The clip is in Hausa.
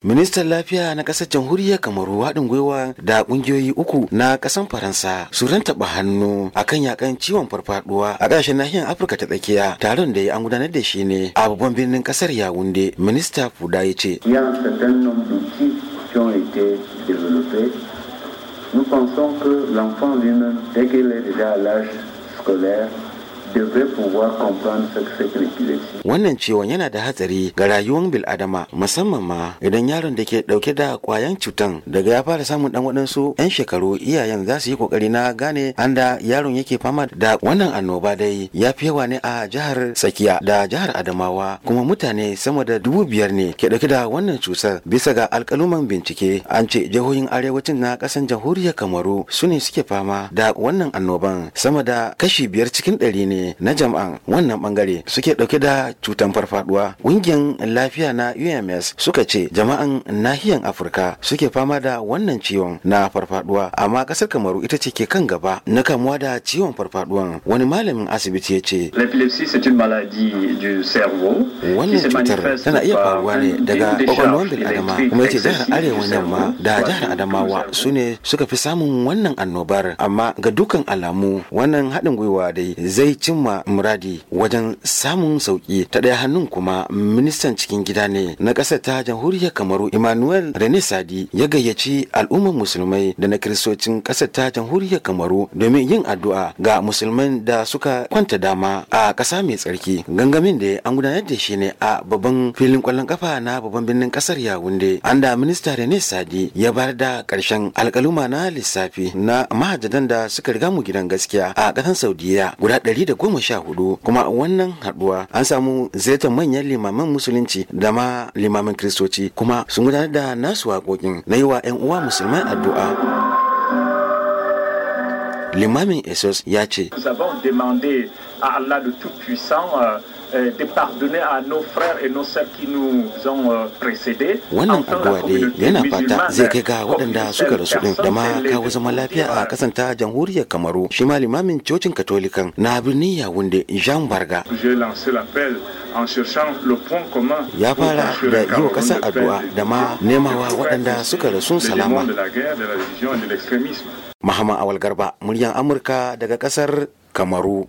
Ministan Lafiya na ƙasar Jamhuriyar Kamaru haɗin gwiwa da ƙungiyoyi uku na ƙasar Faransa su taɓa hannu a kan yaƙan ciwon farfaɗuwa a ƙasashen nahiyar Afirka ta tsakiya taron da ya an gudanar da shi ne a babban birnin ƙasar Yawunde. Minista Fuda ya ce. Nous pensons que l'enfant lui-même, dès qu'il est déjà à l'âge scolaire, Wannan ciwon yana da hatsari ga rayuwar bil'adama musamman ma idan yaron da ke dauke da kwayan cutan daga ya fara samun dan waɗansu 'yan shekaru iyayen za su yi kokari na gane an da yaron yake fama da wannan annoba dai ya fi yawa ne a jihar Sakiya da jihar Adamawa kuma mutane sama da dubu biyar ne ke dauke da wannan cutar bisa ga alkaluman bincike an ce jihohin arewacin na kasan jamhuriyar Kamaru su ne suke fama da wannan annoban sama da kashi biyar cikin ɗari ne na jam'an wannan bangare suke dauke da cutan farfaduwa ƙungiyar lafiya na UMS suka ce jama'an nahiyan Afirka suke fama da wannan ciwon na farfaduwa amma kasar Kamaru ita ce ke kan gaba na kamuwa da ciwon farfaduwan wani malamin asibiti ya ce wannan cutar tana iya faruwa ne daga kwakwalwar bil adama kuma yace jihar arewa yamma da jihar adamawa su ne suka fi samun wannan annobar amma ga dukkan alamu wannan haɗin gwiwa dai zai ci cimma muradi wajen samun sauki ta ɗaya hannun kuma ministan cikin gida ne na ƙasar ta jamhuriyar kamaru emmanuel rene sadi ya gayyaci al'ummar musulmai da na kiristocin ƙasar ta jamhuriyar kamaru domin yin addu'a ga musulmai da suka kwanta dama a ƙasa mai tsarki gangamin da an gudanar da shi ne a babban filin kwallon ƙafa na babban birnin ƙasar yawunde an da minista rene sadi ya bar da ƙarshen alƙaluma na lissafi na mahajjadan da suka riga mu gidan gaskiya a ƙasar saudiya guda ɗari da goma sha hudu kuma wannan haduwa an samu ziyartar manyan limaman musulunci da ma limaman kristoci kuma sun gudanar da nasu waƙoƙin na yi wa 'yan uwa musulman addu'a limamin esos ya ce Euh, de pardonner à nos frères et nos sœurs qui nous ont euh, précédés. Wannan addu'a dai yana fata zai kai ga waɗanda suka rasu ɗin. da ma kawo zaman lafiya a kasanta jamhuriyar Kamaru. Shi ma limamin cocin katolikan na birnin Yawunde Jean Barga. Ya fara da yi wa ƙasar addu'a da ma nemawa waɗanda suka rasu salama. Mahama Awal Garba, muryan Amurka daga ƙasar Kamaru.